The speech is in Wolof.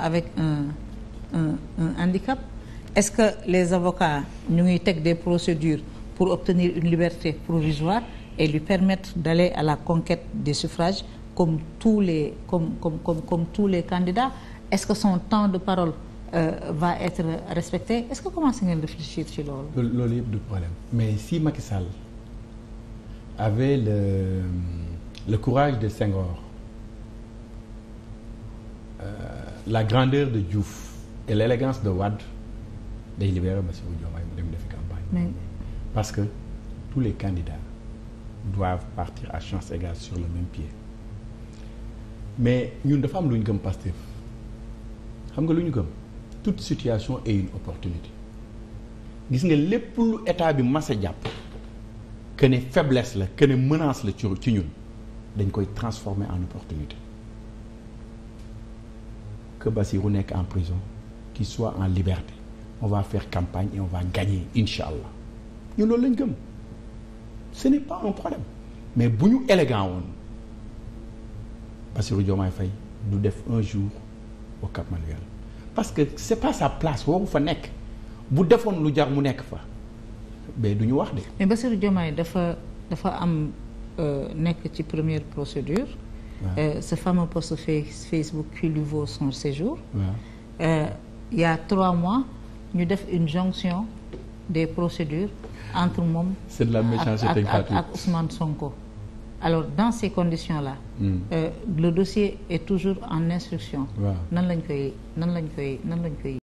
avec un un handicap est-ce que les avocats ñu ngi teg des procédures pour obtenir une liberté provisoire et lui permettre d'aller à la conquête des suffrages comme tous les comme comme comme comme tous les candidats est-ce que son temps de parole euh, va être respecté est-ce que commencé ngeen réfléchir ci loolu. loolu yëpp du problème mais si Macky Sall avait le courage de Senghor. Euh, la grandeur de Diouf et l'élégance de Wade day libéré Bassirou Diomaye mu dem defi campagne parce que tous les candidats doivent partir à chance égale sur le même pied mais ñun dafa am lu ñu gëm Pastef xam nga lu ñu gëm toute situation et une opportunité gis nga lépp lu état bi mas a jàpp que faiblesse la que ne menace la ci ñun dañ koy transformer en opportunité que Bassirou nekk en prison qu'il soit en liberté on va faire campagne et on va gagner incha allah ñun loolu lañ gëm ce n'est pas un problème mais bu ñu élégant woon Bassirou Diomaye fay du def un jour au Manuel parce que c'est pas sa place waru fa nekk bu defoon lu jar mu nekk fa mais du ñu wax de. mais Bassirou Diomaye dafa dafa am euh, nekk ci première procédure. Euh, ce fameux post Facebook qui lui vaut son séjour. Euh, il a trois mois ñu def une jonction des procédures entre moom. c'est de la ak ak Ousmane Sonko. alors dans ces conditions là. Hmm. Euh, le dossier est toujours en instruction. nan lañ koy nan lañ koy nan lañ koy.